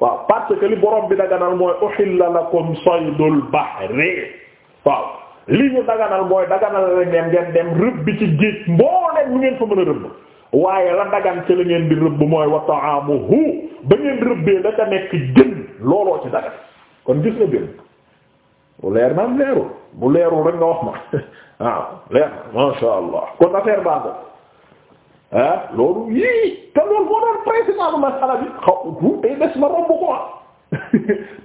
waaw parce que li bi daganal mooy uhilla lakum saydul bahri waaw li ñu daganal mooy daganal la ngeen ngeen dem rëbb ci géej mbooleem ñu ngeen fa mën a rëbb waaye la dagan ci la ngeen di rëbb mooy wa ta'amuhu ba ngeen rëbbee da ca nekk jën looloo ci dagan kon gis nga jën bu leer na am leerul bu leerul rek nga wax ma waaw leer na masha Allah kon affaire baa ah loolu yii te loolu moo doon principalu masala bi xaw bu tey des ma romb ko te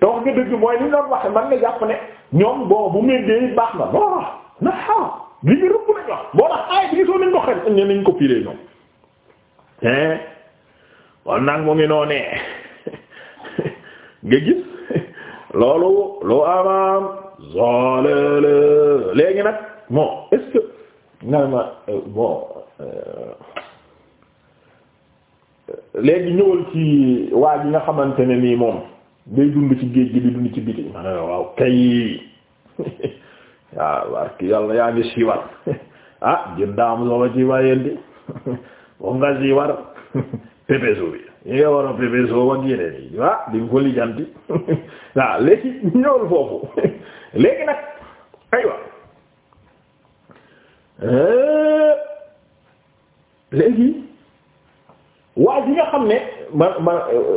wax nga dëgg mooy li ñu doon waxe man nga ne ñoom bon bu méngee baax na non non na xaw ko xel ñu nañ ko firee ñoom. hein kon nag nga gis loolu lu amaam zolele léegi nag bon est-ce que nga ma euh, bon. Euh, léegi ñëwal ci waa ji nga xamante ne nii moom day dund ci géej gi di dund ci biti ma ne waaw kay waaw war ki yaa ngi siiwar ah jëndaam solo ci waayeen di boo siiwar pépéso bi yi nga war a pépéso wag yeneen yi ah di nga ko lijjanti ah, léegi ñëwal foofu léegi nag aywa eh, léegi waa ji nga xam ne ma ma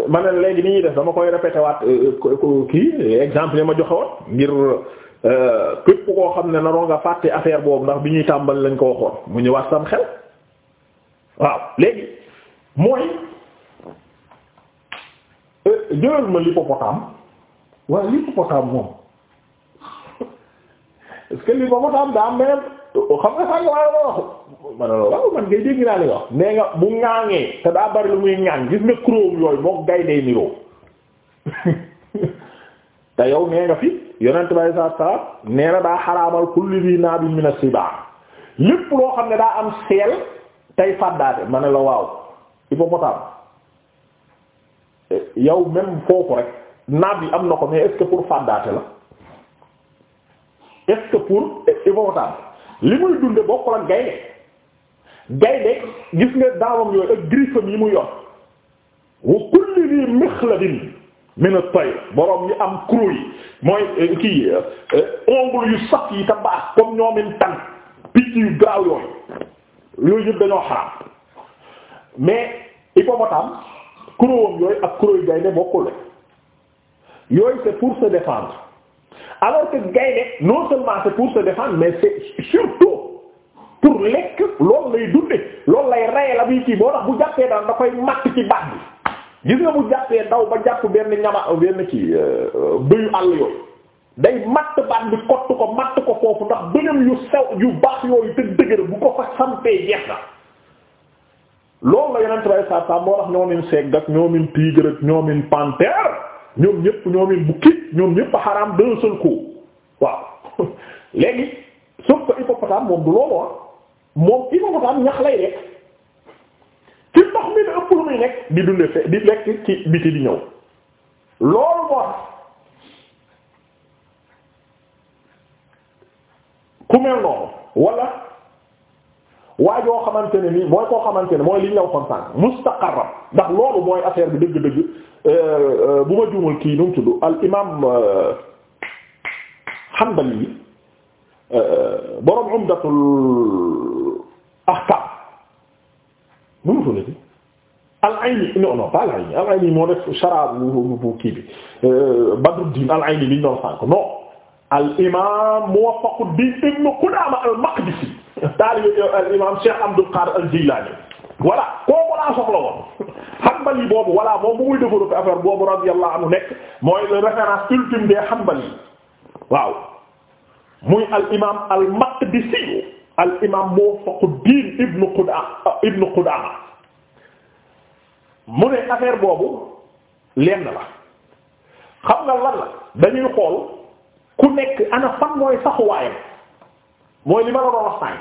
ma ne léegi ni ñuy def dama koy répété waat euh, euh, kii exemple yi ma joxe woon ngir euh, képp koo xam ne naroo nga fàtte affaire boobu ndax bi ñuy tàmbali lañ ko waxoon mu ñëwaat sam xel waaw léegi mooy jëlal ma l'hippopotame waaye l'hippopotame moom est que l'hippopotame daa mel. xam nga sànq maa la wax ma la waaw man ngay dégg naa li wax nee nga bu ŋaaŋee te daa bari lu muy ŋaaŋ gis nga kuróom yooyu moo gaynde niroo te yow nee nga fi yonent bay saa saa nee na daa xaraamal kulli bi naa bi mina sibaa lépp loo xam ne daa am seel tey fàddaate ma la waaw hippopotame yow même foofu rek naab yi am na ko mais est pour fàddaate la est-ce que pour hippopotame li muy dunde bokkul ak gaynde gaynde gis nga daawam yooyu ak griffam yi mu yor wa kulli li mixladin min at-tayr borom yi am croc yi mooy eh, kii eh, ongle yu saf yi te baax comme ñoomin tan picc yu gaaw yooyu yooyu yëpp dañoo xaraam mais hippopotame crocam yooyu ak croc yu gaynde bokkul la yooyu pour se défendre alors que gaynde non seulement c'est mais c'est surtout pour lekk loolu lay dunde loolu lay raye la buy kii boo tax bu jàppee daal da koy matt ci baat bi gis nga bu jàppee daw ba jàpp benn ñama benn ci euh, bëyu àll yooyu day matt baat bi kott ko matt ko foofu ndax bënam yu sew yu baax yooyu te dëgër bu ko fa sampee jeex na loolu la yonent bay saa saa moo tax ñoomin segg ak ñoomin tigre ñoomin panthère ñoom ñëpp ñoom it bu ñoom ñëpp a xaraam d'un seul coup waaw léegi sauf que hippopotame moom du loolu ah moom hippopotame ñax lay lekk ci ndox mi la ëpp lu muy nekk di dundee fe di lekk ci biti di ñëw loolu moo ku mel noonu wala. waa joo xamante ne nii mooy koo xamante ne mooy li ñu la waxoon sànq loolu mooy affaire bi dëgg-dëgg euh, euh, bu ma juumal kii nu mu tudd al imaam euh, Hanbali borom Umdatul mu tudd al ayni non non pas al ayni al ayni bu bu kii bi al ayni li ñu doon sànq non al imaam Muwaffaqud-Din ibn Qudama al-Maqdisi taalibe al euh, imam Cheikh Abdul Qadir al Jilani voilà kooku laa soxla woon hanbali boobu voilà moom bu muy développé affaire boobu radiyallahu anhu nekk mooy le référence ultime des hanbali waaw muy al imam al mu ne affaire boobu lenn la xam nga lan la dañuy xool ku nekk ana fan mooy saxuwaayam mooy li ma la doon wax sànq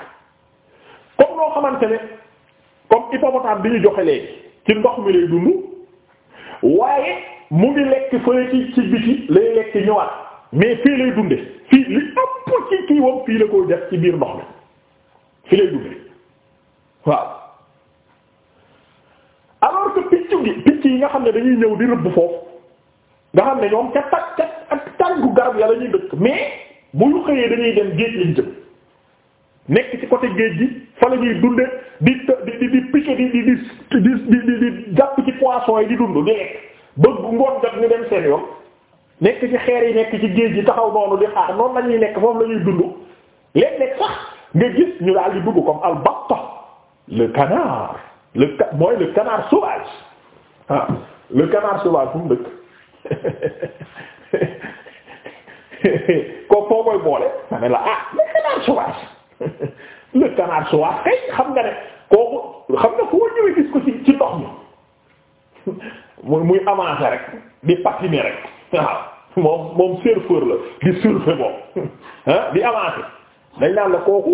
comme loo xamante ne comme hippopotame bi ñu joxe léegi ci ndox mi lay dund waaye mu ngi lekk fële ci ci mais fii lay dunde fii li ëpp ci ci biir ndox mi fii lay dunde waaw alors que piccu gi picc yi nga xam ne dañuy ñëw di rëbb foofu nga xam ne ñoom ca tag ca ak tànku garab ya la ñuy dëkk mais bu ñu xëyee dañuy dem géej liñ jëm ci côté géej gi fa la ñuy dunde di di di piqué di di di di di jàpp ci poisson yi di dund di lekk bëgg ngoon jot ñu dem seen yoon nekk ci xeer yi nekk ci géej gi taxaw noonu di xaar noonu la nekk foofu lañuy ñuy dund léeg-léeg sax nga gis ñu daal di dugg comme albatta le mooy le canard sauvage ah ko foo koy boole ma ne la ah le canard sauvage le canard suwaat kay xam nga ne kooku xam nga foo ñëwee gis ko ci ci ndox mi muy muy avancer rek di patiner rek waaw moom moom surfeur la di surfer moom di avancer dañ naan la kooku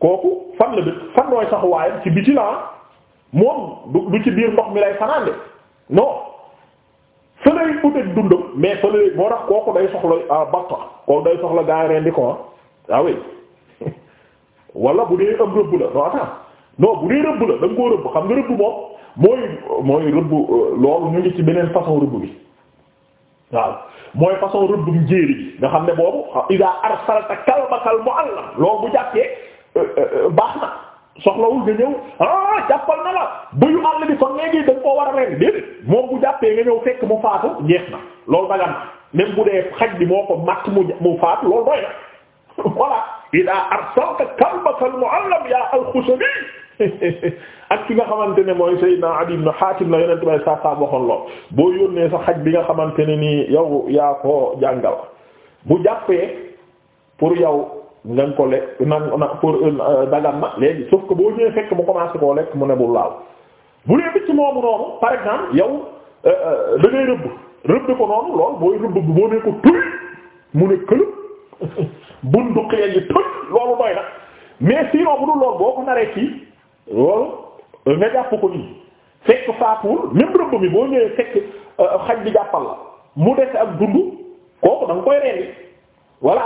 kooku fan la dëkk fan nooy sax waayam ci biti ah moom du du ci biir ndox mi lay fanaan de non. fa lay mais fa moo tax kooku day soxla ah bàq kooku day soxla gaa yi ko ah, ah oui wala bu dee am rëbb la non attends non bu dee rëbb la da koo rëbb xam nga rëbb moom mooy mooy rëbb euh, loolu ñu ngi ci beneen façon rëbb bi waaw mooy façon rëbbum njéeri bi nga xam ne boobu ida arsalta kalbakal mu'allam loolu bu jàppee euh, euh, baax na soxlawul nga ñëw ah, jàppal na la bëyu àll bi kon léegi da koo war a leen déedéet moom bu jàppee nga ñëw fekk mu faatu jeex na loolu dagan na même dee xaj bi moo ko matt mu mu faatu loolu na voilà idaa arsalta kalbaka al-mu'allam yaa al ak ki nga xamante ne mooy Seydina Adi ibn Hatim la yonent bay saa saa waxoon lool boo yónnee sa xaj bi nga xamante ne nii yow yaa ko jàngal bu jàppee pour yow nga ko lekk nag pour euh, dagan na léegi sauf que boo ñëwee fekk mu commencé koo lekk mu ne bu laaw bu dee picc moomu noonu par exemple yow euh, euh, da ngay rëbb rëbb ko noonu lool booy rëbb boo ne ko mu ne këlëb bundu xëy yi toj loolu doy na mais sinon bu dul loolu boo ko naree kii loolu nga jàpp ko nii fekk faatuwul même rëbb mi boo ñëwee fekk euh, xaj bi jàppal la mu des ak dund kooku da nga koy rendi voilà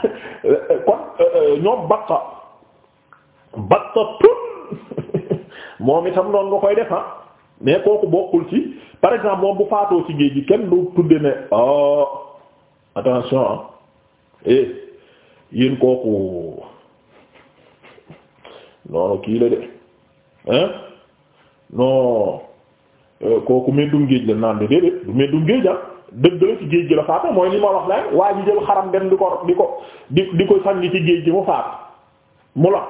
kon euh, euh, ñoom batta batta tun moom itam noonu nga koy defa ah. mais kooku bokkul ci par exemple moom bu faatoo ci géej gi kenn du tudde ne ah, attention ah eh yéen kooku noonu kii la de hein non euh, kooku meddum géej la naan de du meddum géej ah dëgg la ci géej gi la faata mooy li ma wax la waa ji jël xaram dem di ko di ko di di ko sànni ci géej gi mu faat mu la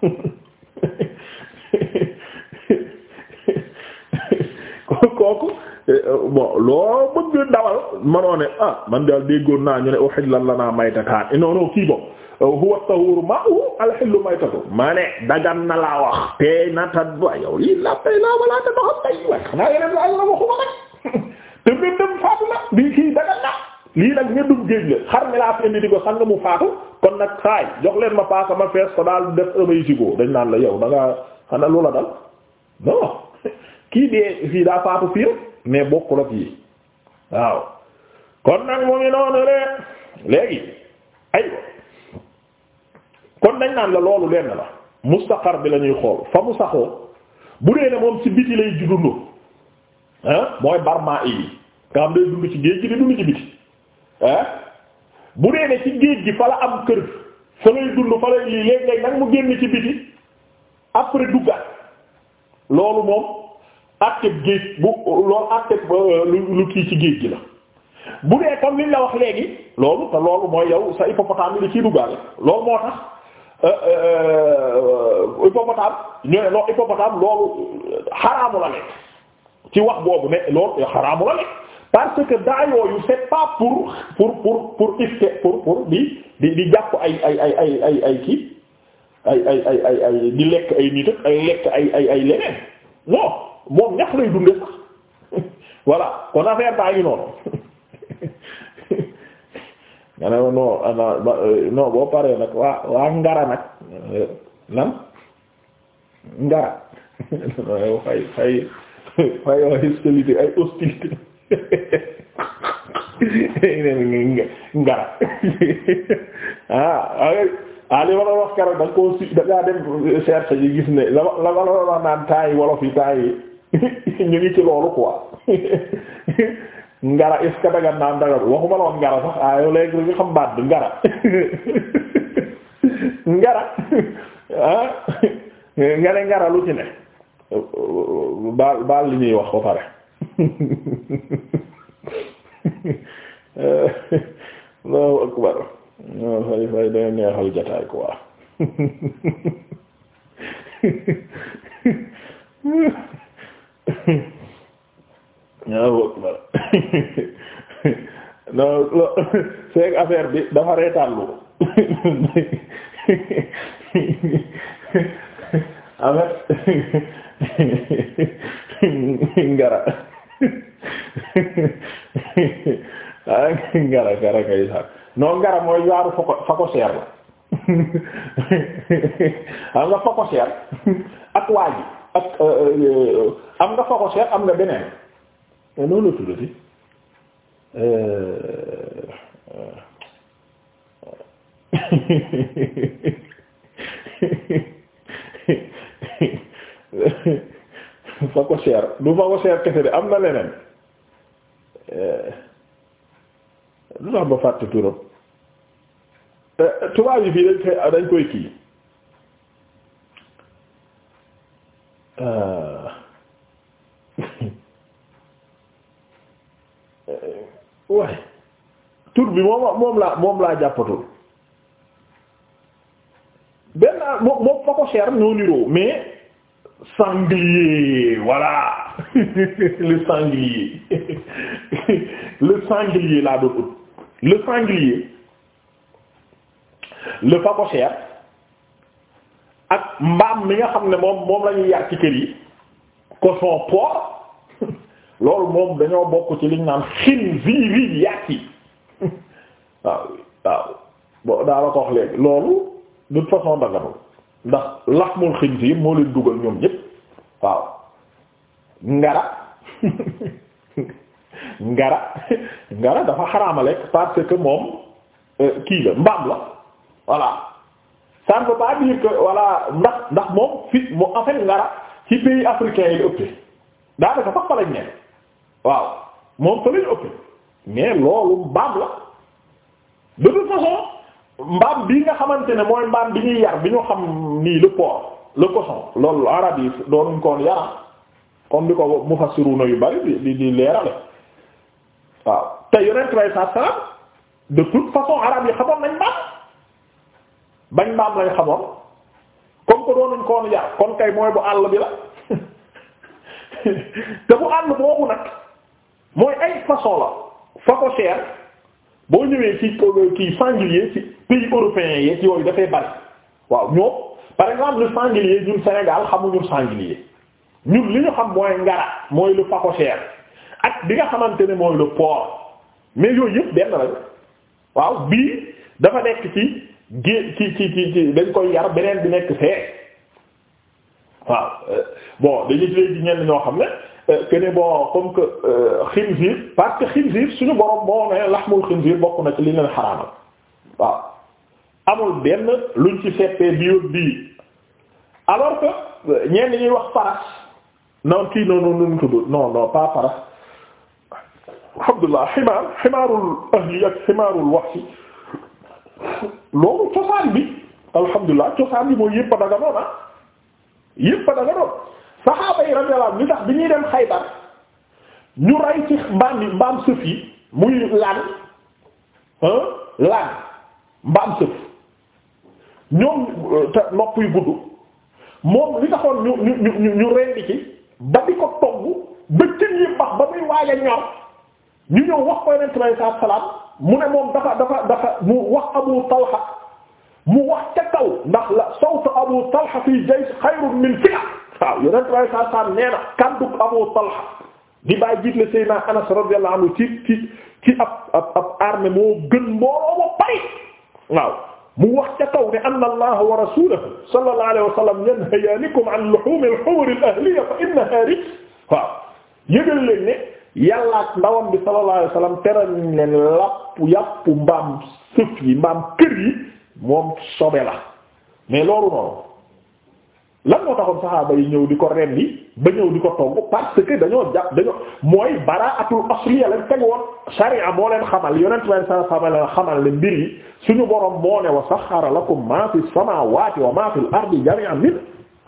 kooku Euh, bon loo bëgg dawal manoo ne ah man daal déggoon naa ñu ne la naa maytataan eh, noonu kii boobu euh, huwa at-tahuru maa'uhu al-hillu maytatuhu maa ne dagan na la wax tey na ta ba yow lii lappay laa na bii nag ñeddum géej la xar mi laa fi di ko xam nga mu faatu kon nag saay jox leen ma a ma fees ko daal def amay sigoo dañ naan la yow da xanaa lu la dal non kii dee fii daa faatu fii mais bokkul ak yi waaw kon nag mu ngi noonu le léegi aywa kon dañ naan la loolu lenn la mustaqar bi lañuy ñuy xool fa mu saxoo bu dee ne moom ci biti lay dund ah mooy barma yi nga xam day dund ci géej gi di dund ci biti ah bu dee ne ci géej gi fa la am kër fa lay dund fa lay léeg-léeg nag mu génn ci biti après duggaat loolu moom. àtteeb géej bu loolu àtteeb euh, lu kii ci géej gi la bu dee comme liñ la wax léegi loolu te loolu mooy yow sa hippopotame yi da ciy duggaale loolu moo tax euh, euh, hippopotame ne loolu xaraamu la lekk ci wax boobu ne loolu xaraamu la lekk parce que daa yooyu c'est pas pour pour pour pour ifke pour pour bi di di jàpp ay ay ay ay ay ay ay di lekk ay nit ak ay lekk ay ay ay leneen. moom moom ñax lay dunde sax voilà kon affaire baa ngi noonu nga non ah, euh, non boo paree nag waa waa ngara nag euh, lan ngara fay fay fay waa hostilité ay hostilité ngara ah, ah ah li ma la wax keroog da nga dem cherche yi gis ne la la la wax naan temps yi wolof yi temps yi ñu ci loolu quoi ngara est ce que daga waxuma ngara sax ah yow léegi nga xam baat ngara ngara ah nga ngara lu ci ne baal baal wax ba pare Allahu akbar ñoo fay fay day neexal jotaay quoi ñoo wëkk affaire bi dafa reetaanlu amet ngara ah, ngara ngara kay non ngara mooy waaru fako fakoseer la am nga fakoseer ak waa ji ak euh, euh, am nga fakoseer am nga beneen noonu la tuddati euh, fakoseer du fakoseer kese de am na leneen lu tax ba fàtte turam tubaab yi fii dañ koy kii waaye ah. tur bi moom moom laa moom laa jàppatul benn moom moom fa ko cher ñoo niroo mais sanglier voilà le sanglier le sanglier laa doon le sanglier le phacochère ak mbaam mi nga xam ne moom moom la ñuy yar ci kër yi cochon porc loolu moom dañoo bokk ci liñ naan xinziir yi yàq yi waaw waaw bo daa la ko wax loolu de toute façon daganul ndax laxmul xinziir moo leen dugal ñoom ñépp waaw ngara ngara ngara dafa xaraama lekk parce que moom euh, kii la mbaam la voilà ça ne veut pas dire que ndax ndax moom fit moom en ngara ci pays africain yi la ëppee daanaka sax fa waaw moom fa lañ ëppee mais loolu mbaam la de toute façon mbaam bi nga xamante ne mooy mbaam bi ñuy yar bi ñu xam nii le porc le cochon loolu arab yi doonuñ koon yaram comme di ko mufassiruna yu bari di di leerale waaw te yonent bay saa salaam de toute façon arab yi xamoon nañ maam bañ maam lañ xamoon comme que doon nañ ko yar kon kay mooy bu àll bi la te bu àll boobu nag mooy ay façon la fa cher boo ñëwee ci ki sanglier ci pays européens yeeg yooyu dafay bari waaw ñoom par exemple le sanglier ñun Sénégal xamuñu sanglier ñun li ñu xam mooy ngara mooy lu fa cher ak bi nga xamante ne mooy le port mais yooyu yëpp benn la waaw bii dafa nekk ci gée ci ci ci dañ koy yar beneen bi nekk fee waaw bon dañuy tuddee ci ñenn ñoo xam ne euh, que ne bon comme que euh, xinziir parce que xinziir suñu borom moo ne laxmul xinziir bokk na ci li leen xaraamal waaw amul benn luñ ci seppee bi ak bii alors que euh, ñenn ñuy wax paras non kii non non non non non pas paras. alhamdulilah ximaar ximaarul ahli ak ximaarul wahshi loolu cosaan bi alhamdulilah cosaan bi mooy yëpp a daga noona ah. yëpp a daga noon saxaaba yi radiyallahu anhum li tax bi ñuy dem Xaybar ñu rey ci mbaam yi mbaam sëf yi muy lan lan mbaam sëf ñoom te nopp yu gudd moom li taxoon ñu ñu ñu ñu rendi ci ba di ko togg ba cër yi bax ba muy waaja ñor ñu ñëw wax ko yonent bi alayhi salaatu mu ne moom dafa dafa dafa mu wax Abu Talha mu wax ca kaw ndax la sawtu Abu Talha fii jaysh xayrun min fi'a waaw yonent bi alayhi salaatu salaam nee na kaddu Abu Talha di bàyyi jiitle Seydina Anas radiyallahu anhu ci ci ci ab ab ab armée moo gën mbooloo ba bari waaw mu wax ca kaw ne anna Allaha wa rasuulahu sallallahu alayhi wa sallam yanhayaanikum an luhuumi al-humuri al-ahliya fa innahaa rijs waaw yëgal leen ne. yàlla ak ndawam bi sallallahu alayhi wasallam teral nañ leen lapp yàppu mbaam sëf yi mbaam kër yi moom sobe la mais loolu noonu lan moo taxoon saxaaba yi ñëw di ko rendi ba ñëw di ko togg parce que dañoo jàpp dañoo mooy baraatul asliya lañ teg woon moo leen xamal yonent leen sa xamal leen xamal leen mbir yi suñu borom moo ne wa saxxara lakum maa fi samaawaati wa maa fil ardi jami'an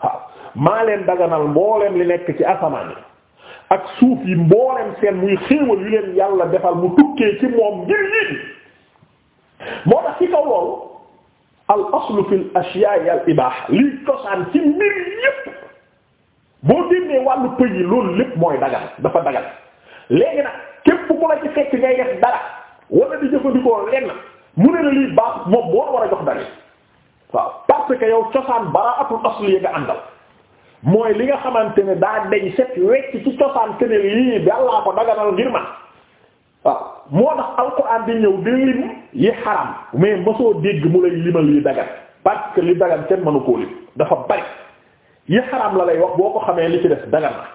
waaw maa leen daganal mbooleem li nekk ci asamaan yi ak suuf yi mbooleem seen muy xéewal yu leen yàlla defal mu tukkee ci moom ngir yii moo tax ci kaw loolu al aslu fi l al ibaaha lii cosaan ci mbir yépp boo dénnee wàllu pëj yi loolu lépp mooy dagal dafa dagal léegi nag képp ku la ci fekk ngay def dara wala di jëfandikoo lenn mu ne la lii baax moom boo war a jox dara waaw parce yow cosaan baraatul aslu ya àndal mooy li nga xamante ne daa deñ set wecc ci cosaan kene lii Yàlla ko daganal ngir man waaw moo tax alxuraan di ñëw di lim yi xaram mais mosoo dégg mu lay limal yi dagan parce li dagan kenn mënu koo lim dafa bari yi xaram la lay wax boo ko xamee li ci def dagan na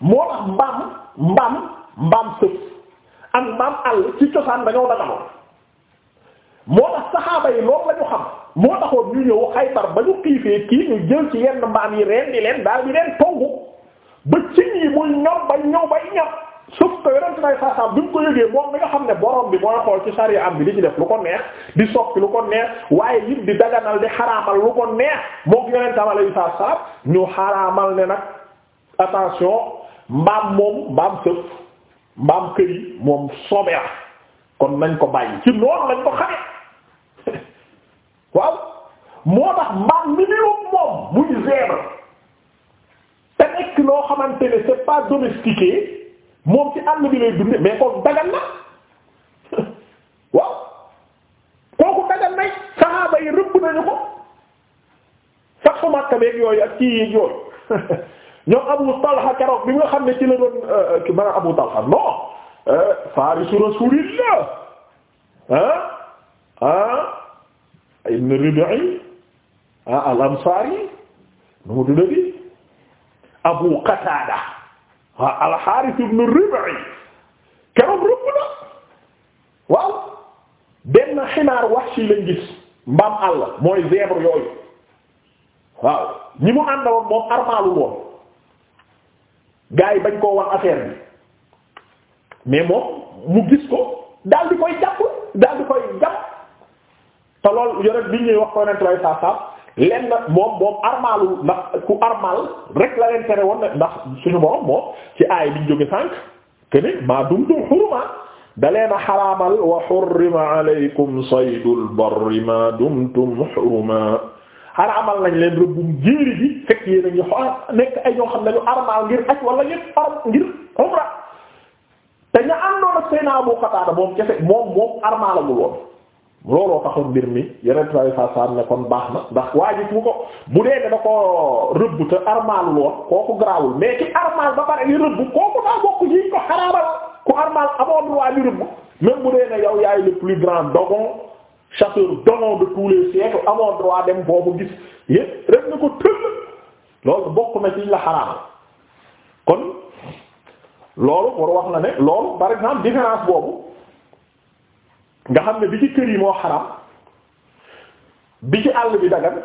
moo tax mbaam mbaam mbaam sëf ak mbaam àll ci cosaan dañoo daganoon moo tax saxaaba yi loolu la ñu xam moo taxoon ñu ñëw Xaybar ba ñu xiifee kii ñu jël ci yenn mbaam yi reen di leen daal di leen togg ba ci yi muy ñor ba ñëw bay ñor sauf que yonent ko yëgee moom mi nga xam ne xool ci sari am bi di ci def lu ko neex di soppi lu ko neex waaye yit di daganal di xaraamal lu ko neex moo yonentam alayhi salaam ñu xaraamal ne nag attention mbaam moom mbaam sëf mbaam kër yi moom sobe kon nañ ko bàyyi ci noonu lañ ko xamee waaw moo tax mbaam mi ni moom muy zèbre te nekk loo xamante ne c'est pas domestiqué moom ci àll bi lay dunde mais kooku dagan na waaw kooku dagan nay saxaaba yi su Makka beeg bi nga xam ne ci la doon euh, ki ibn Rib'i ah al-Ansari nu mu tuddati Abu Qatada ah al-Harith ibn Rib'i keroog na waaw benn xinaar wahshi lañ gis mbaam àll mooy zèbre yooyu waaw ñi mu àndaloon moom armaalul woon gars yi bañ koo wax affaire bi mais moom mu gis ko daal di koy jàpp daal di koy jàpp. te loolu yonent bi ñuy wax ko yonent bay saa saa lenn moom moom armaalu ndax ku armal rek la leen tere woon ndax suñu borom moom ci aay biñ jóge sànq que maa dumtum xuruma da leen a xaraamal wa xurrima alaykum saydul barri maa dumtum xuruma xaraamal nañ leen rëbbum jéeri bi fekk yéen a ngi nekk ay ñoo xam ne ñu armal ngir moom kese moom moom armaalagul woon looloo taxoon mbir mi yeneen traçais saa ne kon baax na ndax waajib mu ko bu dee dana ko rëbb te armaal lool kooku garaawul mais ki armaal ba pare li rëbb kooku daa bokk ci ko xaraamal ku armaal amoon droit li rëbb même bu dee ne yow yaay le plus grand dogon chasseur dogon de tous les amoon droit dem boobu gis yépp rek na ko tënk loolu bokk na ci la xaraamal kon loolu war wax na ne loolu par exemple différence boobu. nga xam ne bi ci kër yi moo xaram bi ci àll bi dagan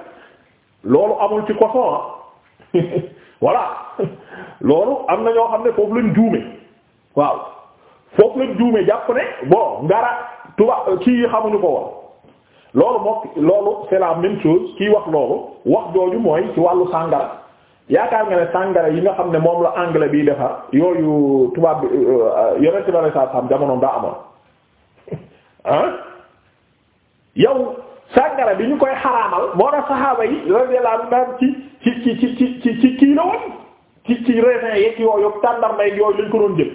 loolu amul ci coton ah voilà loolu am na ñoo xam ne foofu lañ juume waaw foofu lañ juume jàpp ne bon ngara tuba kii xamuñu ko woon loolu mook loolu c'est la même chose wax loolu wax jooju mooy ci wàllu sàngara yaakaar nga ne sàngara yi nga xam ne moom la anglais biy defar yooyu tubaab bi euh, euh, yonent bi sallallahu alayhi wasallam jamonoom amoon ah yow sàngara bi ñu koy xaraamal moo tax saxaaba yi radiyallahu anhum ci ci ci ci ci ci kii la woon ci ci raisin yeeg yooyu yëpp tàndarma yeeg yooyu lañ ko doon jël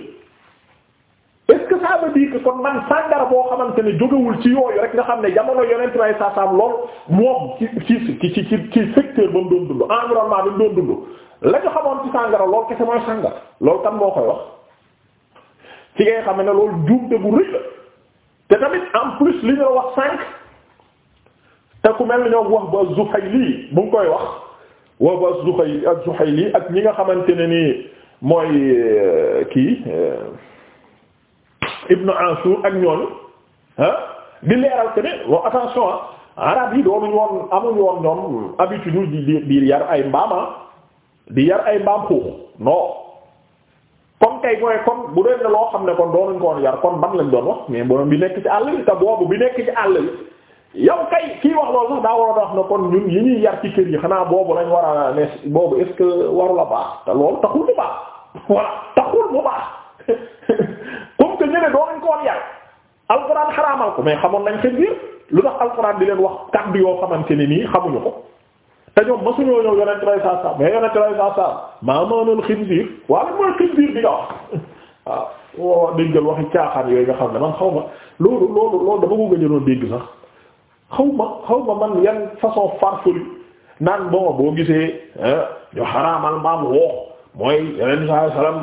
est-ce que ça veut kon man sàngara boo xamante ne jógewul ci yooyu rek nga xam ne jamono yonent bay saasaam lool moom ci ci ci ci ci secteur ba mu doon dund environnement bi mu doon dund la ñu xamoon ci sàngara lool kese mooy sàngara loolu kan moo koy wax ci ngay xam ne loolu juumte bu rëy la. te tamit en plus li ñu la wax cinq te ku mel ni ñoom wax ba Zuhayli bu koy wax wax ba Zuhay ak Zuhayli ak ñi nga xamante ne ni mooy euh, kii euh, Ibnu Ashur ak ñooñu ah di leeral que ne bon attention ah arab yi doonuñu woon amuñu woon ñoom habitude di yar ay mbaam ah, di yar ay mbaam xuux comme kay mooy comme bu dee ne loo xam ne kon doonuñ ko woon yar kon ban lañ doon wax mais borom bi nekk ci àll bi te boobu bi nekk ci àll bi yow kay kii wax loolu sax daa waroon a wax ne kon ñun yi ñuy yar ci kër yi xanaa boobu lañ war a ne boobu est-ce que waru baax te loolu taxul mu baax voilà taxul mu baax comme que ñu ne doonuñ ko woon yar alxuraan xaraamal ko mais xamoon nañ seen biir lu tax alxuraan di leen wax kaddu yoo xamante ni nii xamuñu ko te ñoom masuñoo ñëw yonent bay saa saa maa noonul xinziir waaw mooy xinziir bi nga wax woo déggal waxi caaxaan yooyu nga xam ne man xaw ma loolu loolu loolu dama ko gëjoon dégg sax xaw ma xaw ma man yan façon farfelu naan boma boo gisee ñu xaraamal maam woox mooy yeneen saa salaam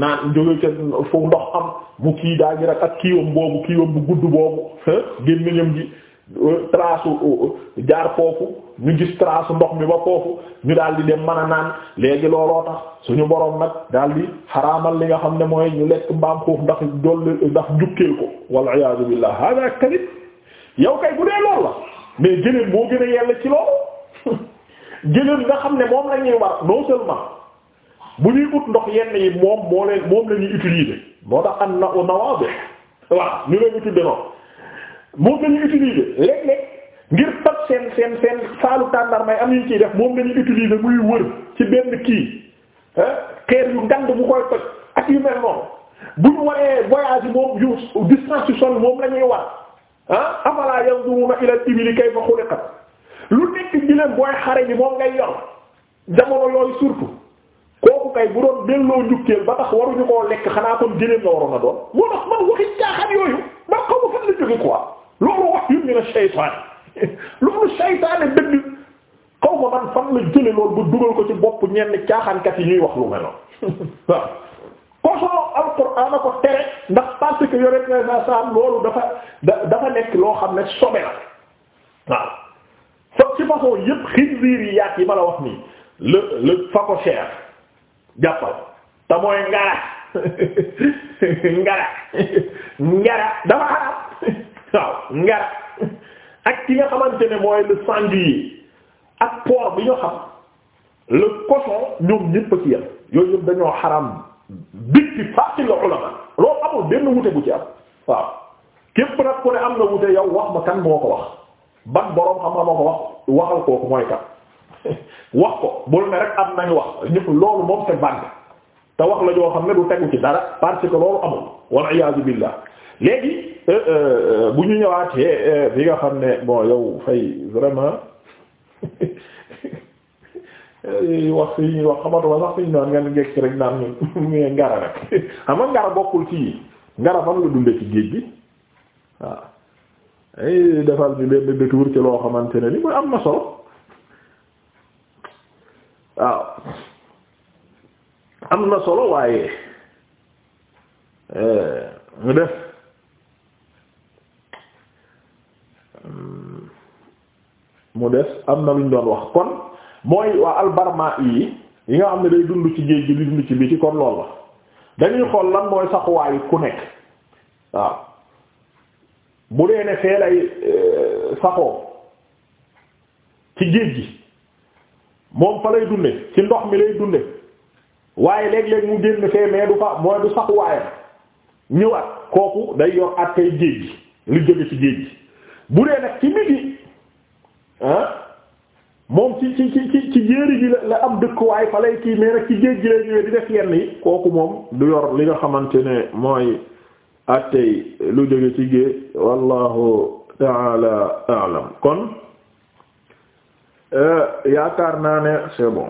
naan jóge ca fu ndox am mu kii daa ak kiiwam boobu kiiwam bu gudd boobu gémmiñam ji trace jaar foofu ñu gis trace ndox mi ba foofu ñu daal di dem mën a naan léegi looloo tax suñu boroom nag daal di xaraamal li nga xam ne mooy ñu lekk mbaam xuux ndax doll ndax jukkeel ko wal iyaadu billah hada kadib yow kay bu dee lool la mais gëléem moo gën a yell ci loolu gëléem nga xam ne moom la war non seulement bu ñuy ut ndox yenn yi moom moo moom la ñuy moo tax an na nawabe ñu leen ñu tudde noonu moom lañu utiliser léeg-léeg ngir toj seen seen seen saalu tàndar may am yu ciy def moom lañu utiliser muy wër ci benn kii xeer yu ngand bu koy toj ak yu mel noonu bu ñu waree voyage yi moom yu distance yu sol moom la ñuy war ah afala yanzuruna ila al-ibili kayfa xuliqat lu nekk di booy xare bi moom ngay yor jamono yooyu surtout kooku kay bu doon delloo njukkeel ba tax waruñu koo lekk xanaa kon jëlee nga waroon a doon moo tax man waxi caaxaan yooyu man xaw loolu wax yu mina shaytaan loolu shaytaane dëgg xaw man fan la loolu ba dugal ko ci bopp ñenn caaxaankat yi ñuy wax lu mel noonu waaw kosoo ko tere ndax parce que yore na sa loolu dafa dafa nekk loo xam ne sobe la waaw ci façon yépp xinziir yi yaat yi wax nii le le phacochère jàppal te mooy ngara ngara ngara dafa xaraam waaw ngar ak ki nga xamante ne mooy le sanglier ak porc bi ñu xam le cochon ñoom ñëpp a ci yam yooyu yëpp dañoo xaram bittifaqil ulama loolu amul benn wute bu ci am waaw képp nag ku ne am na wute yow wax ma kan moo ko wax ban boroom xam nga moo ko wax waxal kooku mooy kan wax ko bul ne rek am nañu wax ñëpp loolu moom te bànn te wax la joo xam ne du tegu ci dara parce ko loolu amul wal iyaazu billah léegi euh, euh, euh, bu ñu ñëwaatee bi nga xam ne bon yow fay vraiment wax fi ñuy wax xamatuma sax fi ñu naan ngeen ngekk rek naan ñu ngara rek xam ngara bokkul ci ngara fan la dundee ci géej gi waaw ay defal bi benn détour ci loo xamante ne ni mooy am na solo waaw am na solo waaye nga def mu des am na lu ñu doon wax kon mooy waa albarma yi yi nga xam ne day dund ci géej gi di dund ci biti kon loolu la dañuy xool lan mooy saxuwaayu ku nekk waaw bu dee ne fee lay euh, saxoo ci géej gi moom fa lay dunde ci ndox mi lay dunde waaye léeg-léeg mu génn fee mais du fa mooy du saxuwaayam ñëwaat kooku day yor at kay géej gi li jóge ci géej gi bu dee nag ci biti moom ci ci ci ci jéeri gi la am dëkkuwaay fa lay kii mais nag ci géej gi lay ñëwee di def yi kooku moom du yor li nga xamante ne mooy attey lu jóge ci géej wallahu taala alam kon euh, yaakaar naa ne c'est bon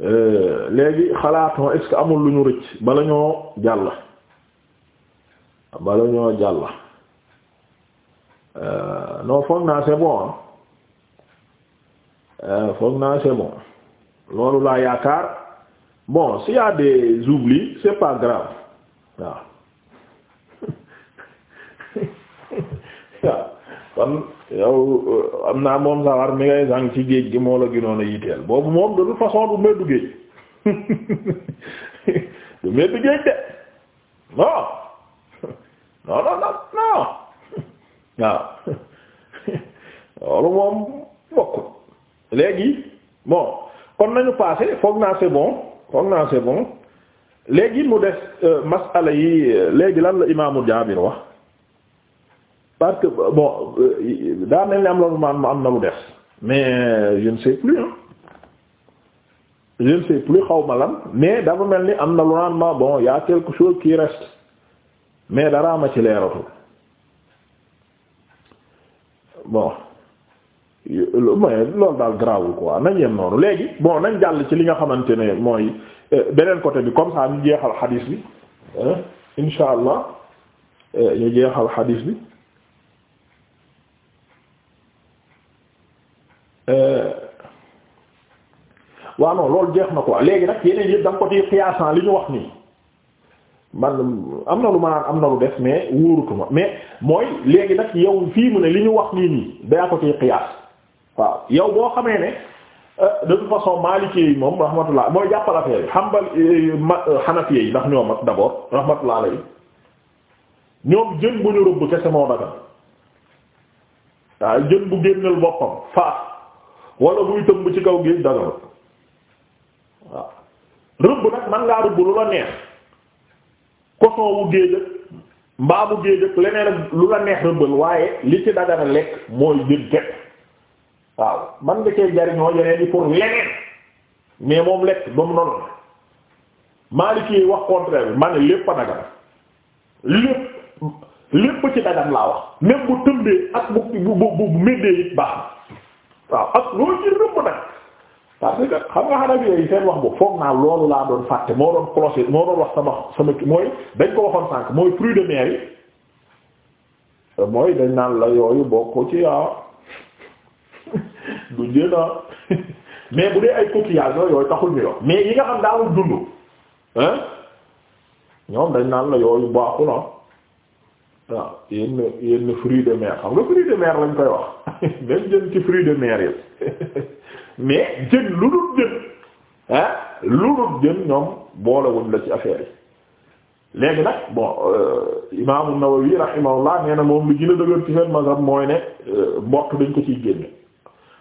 euh, léegi xalaato est amul lu ñu rëcc bala ñoo jàll bala ñoo jàll euh, non foog naa c'est bon euh, foog naa c'est bon loolu laa yaakaar bon s'il y a des oublis c'est pas grave waaw waaw kon yow euh, am naa moom sa war mi ngay sànq ci géej gi moo la gënoon a yiteel boobu moom de toute façon du meddu géej du meddu géej de non non non non waaw loolu moom bokkul léegi bon kon nañu passé foog naa c'est bon foog naa c'est bon léegi mu def euh, masala yi léegi lan la imaamu Jaabir wax parce que bon euh, daa mel ni am la lu maan ma am na lu def mais euh, je ne sais plus hein je ne sais plus xaw ma lan mais dafa mel ni am na lu naan ma bon y a quelque chose qui reste mais daraa ma ci leeratul bon mais loolu daal ko waa nañ yem noonu léegi boo nañ jàll ci li nga xamante ne mooy eh, beneen côté bi comme ça ñu jeexal xadiis bi insha allah eh, ñu jeexal xadiis bi eh, waaw non loolu jeex na ko quoi léegi nag yeneen yëpp da nga ko ci xiyaasan li ñu wax nii man am na lu ma naan am na lu des mais wóorutuma mais mooy léegi nag yow fii mu ne li ñu wax nii nii daa ko ci qiyaas waaw yow boo xamee ne euh, de toute façon Maliki yi moom rahmatullah mooy jàppal affaire yi Hanbal euh, euh, Hanafi yi ndax ñoo mat d'abord rahmatullah alayhi ñoom jën bu ñu rëbb kese moo dagan waaw jën bu génnal boppam faat wala buy tëmb ci kaw géej dagan waaw rëbb nag man ngaa rëbb lu la neex. coton wu géej mbaabu géej leneen lu la neex rëbbal waaye li ci dagana lekk mooy jën kepp waaw man nga cee jariñoo yeneen yi pour leneen mais moom lekk ba mu noonu Maliki wax contraire bi ma ne lépp a lépp lépp ci dagan laa wax même bu tëmbee ak bu bu bu méddee it baax waaw ak loolu ci rëbb nag parce que xam nga xanaa bi seen wax boobu foog naa loolu laa doon fàtte moo doon cloché moo doon wax sama sama mooy dañ ko waxoon sànq mooy fruit de mooy dañ naan la yooyu bokk ci ah du jëna ah mais bu dee ay coquillage yooyu taxul ñu yor mais yi nga xam daawul dund hein ñoom dañ naan la yooyu baaxul ah waaw yenn yenn fruit de mer xam nga fruit de mer lañ koy wax même ci fruit de mais jën lu dul jën lu dul jën ñoom boolewuñ la ci affaire yi léegi nag bon euh, imaamu Nawawi rahimahullah nee na moom li gën a dëgër ci seen mooy ne euh, mbott dañ ko ciy génne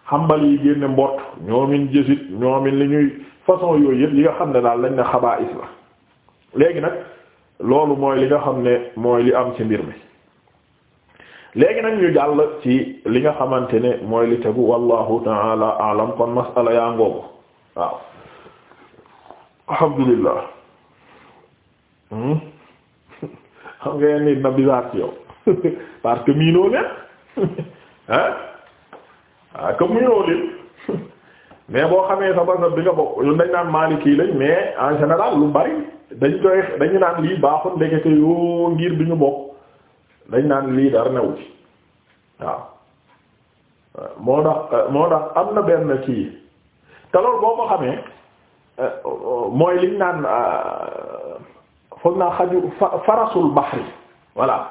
xambal yi génne mbott ñoomin jësit ñoomin li ñuy façon yooyu yëpp yi nga xam ne daal lañ ne xabaa'is la léegi nag loolu mooy li nga xam ne mooy li am ci mbir mi léegi nag ñu jàll ci li nga xamante ne mooy li tegu wallahu taala alam kon masala yaa ngoogu waaw alhamdulillah xam nga nit na bizarre ci yow parce que miinoo leen ah ah mais boo xamee sa basab bi nga bokk ñun dañ naan Maliki lañ mais en général lu bari dañ koy dañu naan lii baaxul ndekete yoo ngir bi ñu bokk dañ naan lii dara newu ci waaw moo tax moo tax am na benn kii te loolu boo ko xamee mooy liñ naan foog naa xaju farasul baxri voilà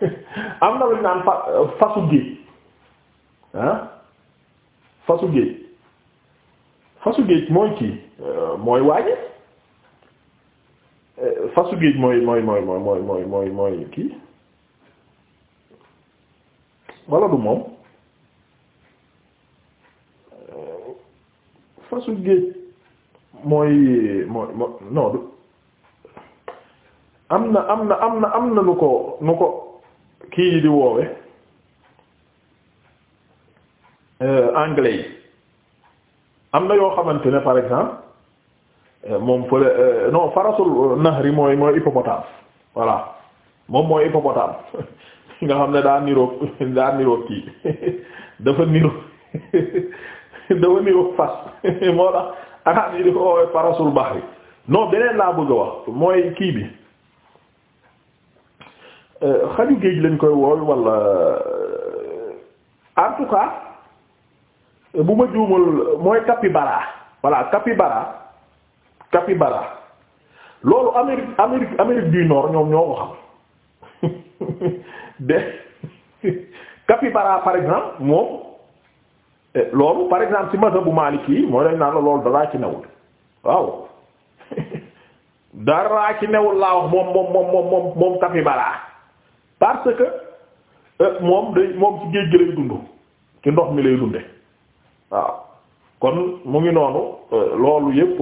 am na luñ naan fa fasu géej ah fasu géej fasu géej mooy kii mooy waaje fasu géej mooy mooy mooy mooy mooy kii wala du moom fasu gi mooy mooy non du am na am na am na am na nu ko nu ko kii di woowe euh, anglais yi am na yoo xamante ne par exemple euh, moom fële euh, non farasul nahri mooy mooy hippopotame voilà moom mooy hippopotame nga xam ne daa niroog daa niroog kii dafa niroog dafa niroog fas moo tax arab yi di ko woowee farasul bahri non beneen laa bëgg a wax mooy kii bi euh, xaju géej lañ koy woow wala euh, en tout cas bu ma juumal mooy capybara voilà capybara capybara loolu Amérique Amérique Amérique du Nord ñoom ñoo ko xam de capybara par exemple moom eh, loolu par exemple ci mazhabu Maliki yi mooy dañ naan la loolu daraa ci newul waaw daraa ci newul laa wax moom moom moom moom moom capybara parce que eh, moom day moom ci géej gi lay dund ci ndox mi lay dunde waaw kon mu ngi noonu eh, loolu yépp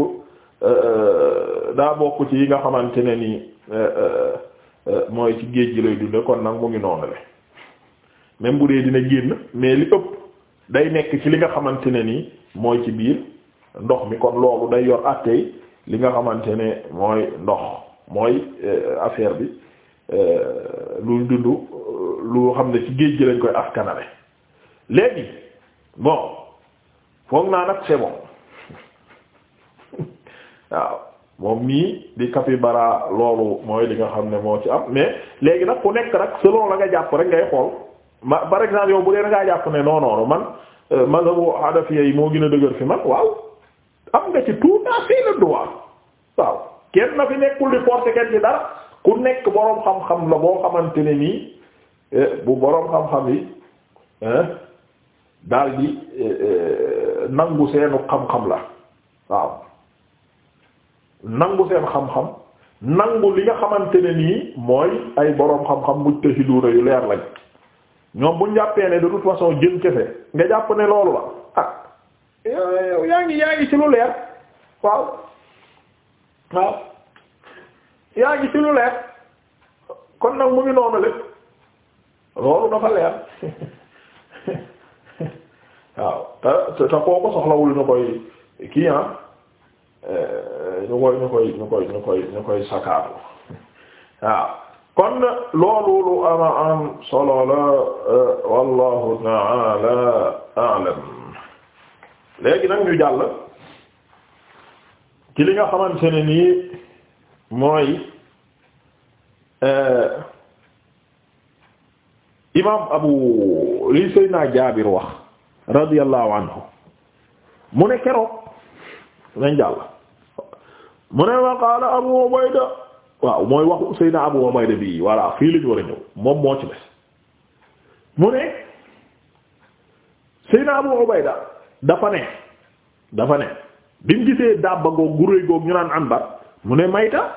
daa bokk yi nga xamante ne nii Euh, mooy ci géej gi lay dunde kon nag mu ngi noonu le même bu dee dina génn mais li ëpp day nekk ci li nga xamante ne nii mooy ci biir ndox mi kon loolu day yor àtteey li nga xamante ne mooy ndox mooy euh, affaire bi euh, luy dund lu xam ne ci géej gi lañ koy askanale léegi bon foog naa nag c'est waaw moom nii di capybara loolu mooy li nga xam ne moo ci am mais léegi nag ku nekk nag selon la nga jàpp rek ngay xool ma par exemple yow bu dee da ngaa jàpp ne non non man euh, mazhabu hanafiya yi moo gin a dëgër fi man waaw am nga ci tout à fait le droit waaw kenn na fi nekkul di forcer kenn ci dara ku nekk boroom xam-xam la boo xamante ne nii eh, bu boroom xam-xam yi eh, daal di eh, nangu seenu xam-xam la waaw. nangu seen xam-xam nangu li nga xamante ne nii mooy ay boroom xam-xam mujtahiduuna yu leer lañ ñoom bu ñu jàppee ne de façon jën kese nga jàpp ne loolu la ah yow yaa ngi yaa ngi ci lu leer kon nag mu ngi noonu lépp loolu dafa leer waaw te te kooku soxlawul ñu koy kii ah. ñu koy ñu koy ñu koy ñu koy ñu koy kon loolu lu ama am solo la wallahu ta'ala a'lam léegi nag ñu jàll ci li nga xamante ne mooy euh, imam abu li Seydina Jaabir anhu mu ne keroog nañ jàll mu ne wa qaala Abu Ubayda waaw mooy waxu Seydina Abu Ubayda bii voilà fii la ñu war a ñëw moom moo ci des mu ne Seydina Abu Ubayda dafa ne dafa ne bi mu gisee dàbba goog gu réy goog ñu naan Anbar mu ne mayta